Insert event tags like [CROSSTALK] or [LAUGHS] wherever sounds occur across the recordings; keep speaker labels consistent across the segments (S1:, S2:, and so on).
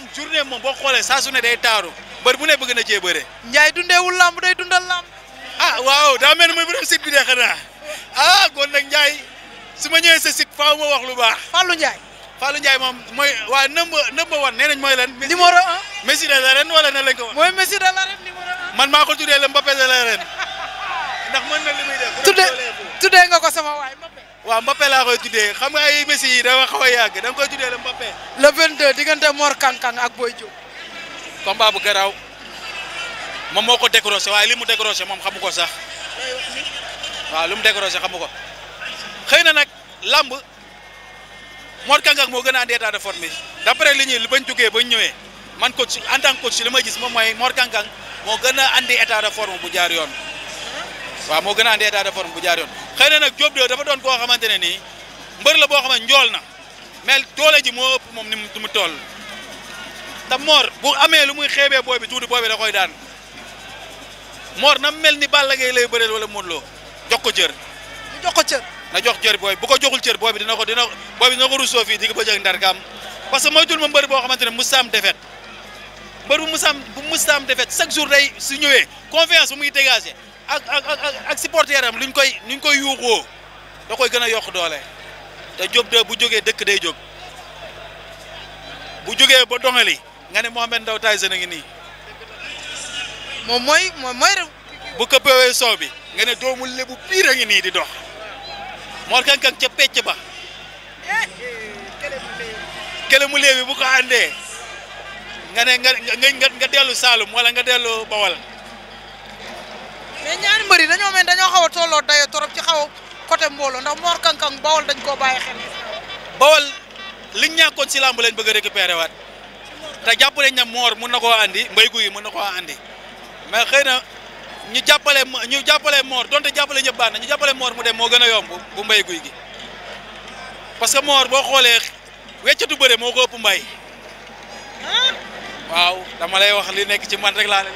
S1: moom journée moom boo xoolee saa su ne day taaru bër bu ne bëgg na cee bëre. Ndiaye dundeewul lamb day dundal lamb. a ah, waaw daa mel ni muy borom site bi de xanaa ah kon nag Ndiaye su ma ñëwee sa site faaw ma wax lu baax. Fallou Ndiaye. Fallou Ndiaye moom mooy waa number number one ne nañ mooy lan. numéro un. Messi de l'arène wala nan lañ ko wax. mooy Messi de l'arène numéro un. man maa ko tuddee le Mbappé de l'arène [LAUGHS] ndax mën na li muy def. tuddee tuddee nga ko sama waay waaw Mbappé laa koy tuddee xam nga ay Messi yi dafa xaw a yàgg da nga koy tuddee la Mbappé. le 22 diggante Mor Kankang ak Boy Diop. combat bu garaaw moom moo ko décroché waaye li mu décroché moom xamu ko sax waa li mu décroché xamu ko xëy na nag lamb Mor Kankang moo gën a andi état de forme yi li ñuy bañ duggee bañ ñëwee man coach en tant que coach ma gis moom mooy Mor Kankang moo gën a andi état de forme bu jaar yoon waaw moo gën a andi état de forme bu jaar xëy na nag Diop de dafa doon boo xamante ne nii mbër la boo xam ne njool na mais doole ji moo ëpp moom ni mu tool te Mor bu amee lu muy xeebee booy bi tuuti booy bi koy daan moor na mel ni Balla Gaye lay bëreel wala Modou Lo jox ko cër. na jox ko cër. na jox cër booy bu ko joxul cër booy bi dina ko dina booy bi ko ruusoo fii digg ba jëg ndar kaam parce que moytul ma mbër boo xamante ne mustaam defet mbër bu mustaam bu mustaam defet chaque jour day su ñëwee confiance bu muy dégager. ak ak ak ak luñ koy luñ koy yuuxoo da koy gën a yokk doole te Diop de bu jógee dëkk day jóg bu jógee ba doŋali nga ne Mohamed Ndao Tyson a ngi nii. moom mooy moom mooy. bu këppewee soow bi nga ne doomu lebu piir a nii di dox Mor Kankang ca pecc ba kële mu léebi bu ko àndee nga ne nga nga nga dellu Saalum wala nga dellu Bawol.
S2: yéen ñaari mbër yi dañoo mel dañoo xaw a tolloo dayoo torop ci xaw côté mbooloo ndax Mor Kang Kang Bawol
S1: dañ koo bàyyi xel. Bawol liñ ñàkkoon si làmb lañ bëgg a récupérer waat te jàpp nañ ne Mor mën na koo andi mbay guy mën na koo andi mais xëy na ñu jàppale ñu jàppale Mor donte jàppale ñëpp baax na ñu jàppale Mor mu dem moo gën a yomb bu mbay guy gi parce que Mor boo xoolee weccatu bëre moo ko ëpp mbay. Ah. waaw dama lay wax li nekk ci man rek laa leen.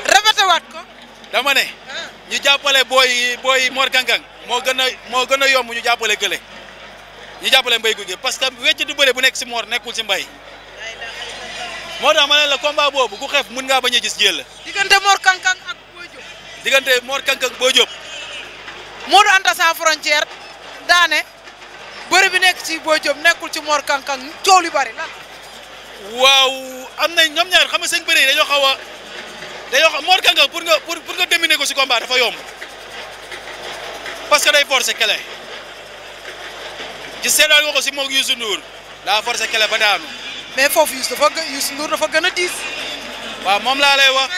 S1: dama ne ñu jàppale booy booy Mor Kangang moo gën a moo gën a yomb ñu jàppale gële ñu jàppale mbay guy gi parce que wecc du bëre bu nekk si moor nekkul si mbay moo tax ma ne la combat boobu ku xef mun ngaa bañ a gis jël. diggante Mor Kangang ak Boy Diop. diggante Mor Kangang Boy Diop.
S2: Anta sans frontière daane
S1: bëre bi nekk ci Boy nekkul ci Mor Kangang coow li bari lan. waaw am na ñoom ñaar xam nga seen bëre yi dañoo xaw a dañoo wax moor Kanga pour nga pour pour nga dominer ko si combat dafa yomb parce que day forcer kele ci seetaan nga si moog Youssou Ndour daa forcer kele ba daanu. mais foofu Youssou dafa Youssou dafa gën a diis. waaw moom laa lay wax.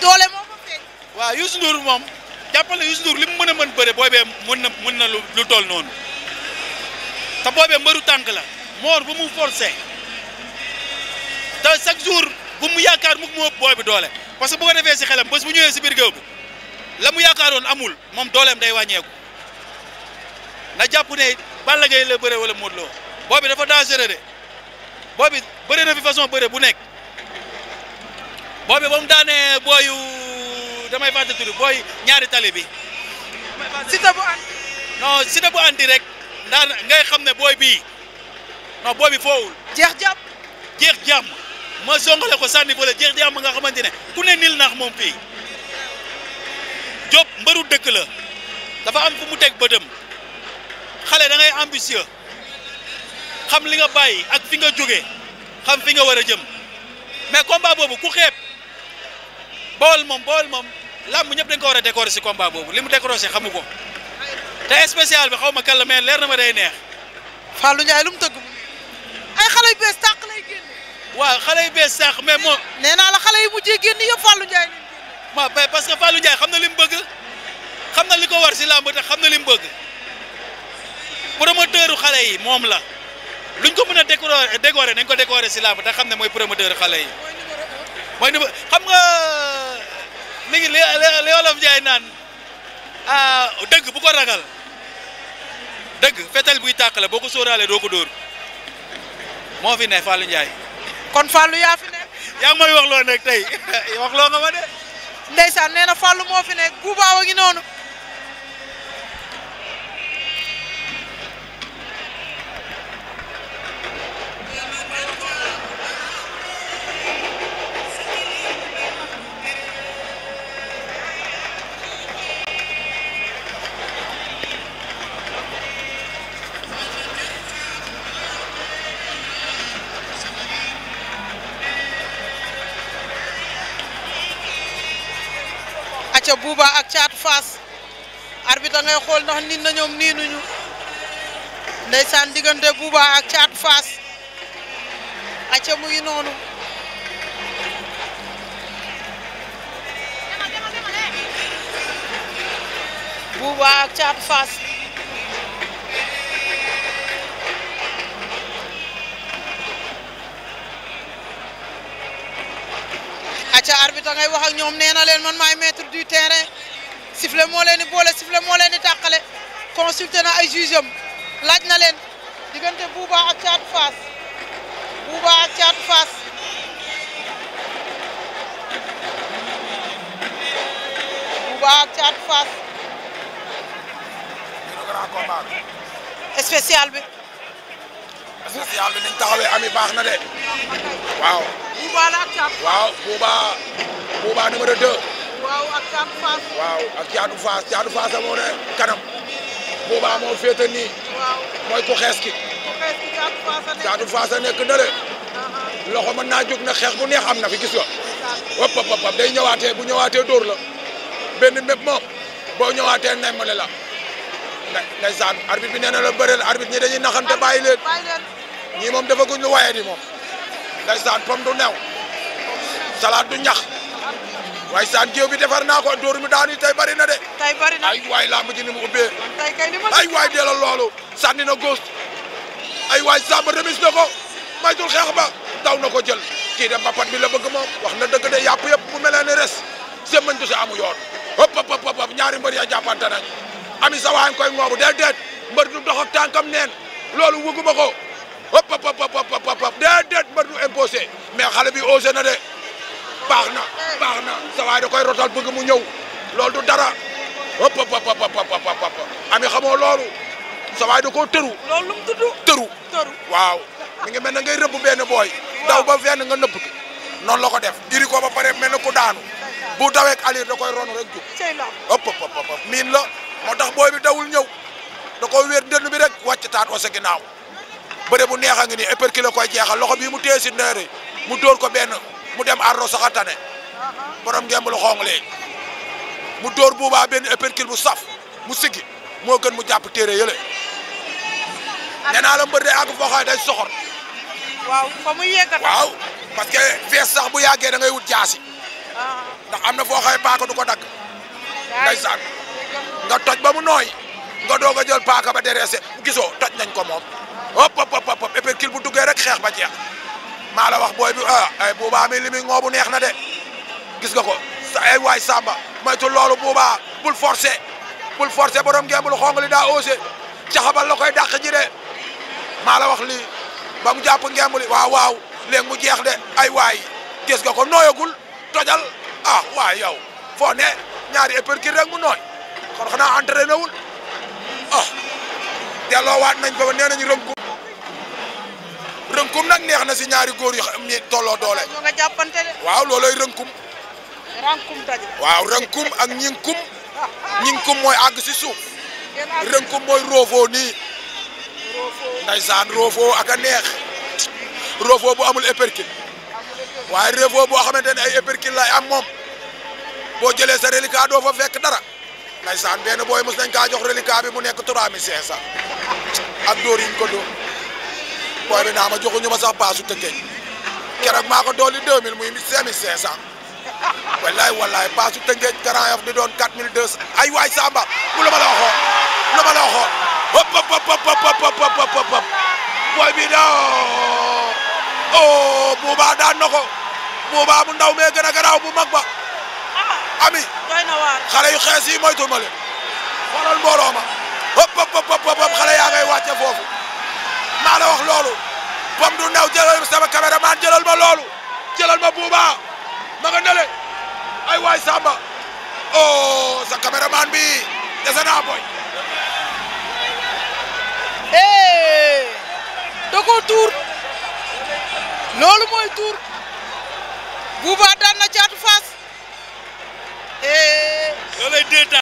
S1: doole moo ko fekk. waaw Youssou Ndour moom jàppal na Youssou li mu mën a mën bëre booy bee mën na lu toll noonu te booy bee mbëru tànk la Mor bu mu forcer te chaque jour bu mu yaakaar mu ëpp booy bi doole. parce que bu ko defee si xelam bés bu ñëwee si biir géew la mu yaakaaroon amul moom dooleem day wàññeeku na jàpp ne Balla Gaye la bëre wala Modou Lo boobi dafa dangereux de boobi bëre na fi façon bëre bu nekk boobi ba mu booyu damay fàtte tudd booy ñaari tali bi. sita bu andi. non sita bu andi rek daan ngay xam ne booy bii non booy bi foowul. jeex jàmm jeex jàmm. ma songale ko sànni fële jeex jàmm nga xamante ne ku ne nil naax moom fii Diop mbëru dëkk la dafa am fu mu teg bëtëm xale da ngay xam li nga bàyyi ak fi nga jógee xam fi nga war a jëm mais combat boobu ku xeeb bool moom bool moom làmb ñëpp de ko war a décorer si combat boobu li mu décroché xamu ko te spécial bi xaw ma kan mais leer na ma day neex.
S2: Fallou Ndiaye lu mu tëgg ay waaw xale yu bees
S1: sax mais mo nee naa la xale yi mujjee génn yëpp Fallou Ndiaye waaw mais parce que Fallou Ndiaye xam na li mu bëgg xam na li ko war si làmb te xam na li mu bëgg promoteur xale yi moom la luñ ko mën a décorer décorer nañ ko décorer si làmb te xam ne mooy promoteur xale yi mooy ni xam nga mi ngi li li Wolof naan ah dëgg bu ko ragal dëgg fetal buy tàq la boo ko sóoraalee doo ko dóor moo fi ne Fallou Ndiaye. kon Fallou yaa fi nekk. yaa ngi may wax nekk tey [LAUGHS] wax loo ma de.
S2: ndeysaan nee na Fallou moo fi nekk bu baax a ngi noonu. ca Bouba ak caatu Faas arbitre ngay xool ndax nit na ñoom ñu nuñu ndeysaan diggante Bouba ak caatu Faas acca mu ngi noonu ak caatu Faas acca arbitre ngay wax ak ñoom nee na leen man maay bord du terrain sifflet moo leen di boole sifflet moo leen di tàqale consulté na ay jugeam laaj na leen diggante Bouba ak Thiatou Fass Bouba ak Thiatou Fass Bouba ak Thiatou Fass spécial bi.
S3: spécial bi niñ taxawee ami baax na de waaw. Bouba la ak Thiatou Fass waaw Bouba Bouba numéro
S2: ak Thiatou Fass. waaw
S3: ak Thiatou Fass Thiatou Fass moo ne kanam. boobaa moo féete nii. mooy ku xees ki. ku xees nekk Thiatou uh-huh. loxo mën naa jóg na xeex bu neex am na fi gis nga. wëpp wëpp wëpp day bu ñëwaatee dóor la. benn mépp moom boo ñëwaatee nemmale la. nda ndeysaan arbitre bi nee na la bëreel arbitre ñi dañuy naxante bàyyi leen. ñii moom dafa guñ lu waye moom. ndeysaan pom du neew. salaat du ñax. waaye saan géew bi defar naa ko dóor daanu tey bari na de. tey bari ay waay lamb ji ni mu ubbee. ay waay delloo loolu. sànni na góos ay waay samba remis na ko maytul xeex ba taw na ko jël kii dem bi la bëgg moom wax na dëgg de yàpp yëpp mu melee ne res semañ du si amu yoon ñaari mbër ya jàppante nañ ami sa koy ngoobu déet déet mbër du dox ak tànkam neen loolu wëgguma ko hop hop hop du imposé mais xale bi osé na de baax na baax na sa waay da koy rotal bëgg mu ñëw loolu du dara hop hop hop hop ami xamoo loolu sa waay da koo tëru. loolu lu mu tudd tëru. tëru waaw mi ngi mel na ngay rëbb benn booy. daw ba fenn nga nëbb ko noonu la ko def. diri ko ba pare mel na ku daanu bu dawee ak alir da koy ronu rek jub. sey la hop hop hop miin la moo tax booy bi dawul ñëw da koo wéer dënn bi rek wàcc taat oo sa ginnaaw bëre bu neex a ngi nii épercule koy jeexal loxo bii mu téye si ndeyre mu dóor ko benn. mu dem ardo sax a tane borom ngembul xong lee mu dóor buubaa benn épercule bu saf mu siggi moo gën mu jàpp téere yële nee naa la mbër day àgg foo xam day soxor waaw fa muy parce que fees sax bu yàggee na ngay wut jaasi ah. ndax am na foo xaye paaka du ko dagg ndeysaan nga toj ba mu nooy nga doog a jël paaka ba dereese gisoo toj nañ ko moom hop bu duggee rek xeex ba jeex maa wax booy bi ah, ay buubaa mi li ngoobu neex na de gis nga ko ay waay samba moytu loolu buubaa bul forcé bul forcé borom ngembul xong daa osé caxabal la koy dàq ji de maa la wax lii ba mu jàpp ngembul waaw waaw léegi mu jeex de ay waay gis nga ko nooyagul tojal ah waay yow foo ne ñaari épercure rek mu nooy kon xanaa entraîné wul ah delloowaat nañ ko nee nañu rëm rënkum nag neex na si ñaari góor yu xam ni tolloo doole. ñoo nga jàppante de. waaw looloy rënkum.
S2: rënkum daje.
S3: waaw rënkum ak ñinkum. ñinkum mooy àgg si suuf. rënkum mooy roofoo nii. roofoo ndaysaan roofoo ak a neex. roofoo bu amul épercule. waaye roofoo boo xamante ne ay épercule lay am moom. boo jëlee sa reliquat doo fa fekk dara. ndaysaan benn booy mos nañ kaa jox reliquat bi mu nekk 3500. ak dóor yi ñu ko dóor. booy bi naa ma joxuñu ma sax paasu tëkkee keroog maa ko dolli 2000 muy 5500 wallaay wallaay paasu tënkee Grand Yoff di doon 4200 ay waay Samba bu la ma la waxoon lu ma la waxoon hop hop hop hop hop hop booy bi da bu ndaw gën a garaaw bu ami doy na waar xale ma leen xoolal mbooloo ma hop hop hop hop xale yaa ngay wàcce maa la wax loolu pom du ndaw jëlal sama caméraman jëlal ma loolu jëlal ma buuba ma ay waay samba oh sa caméraman bi dese naa boy eh da tuur loolu mooy tuur
S1: buuba daan na caatu faas eh loolay déeta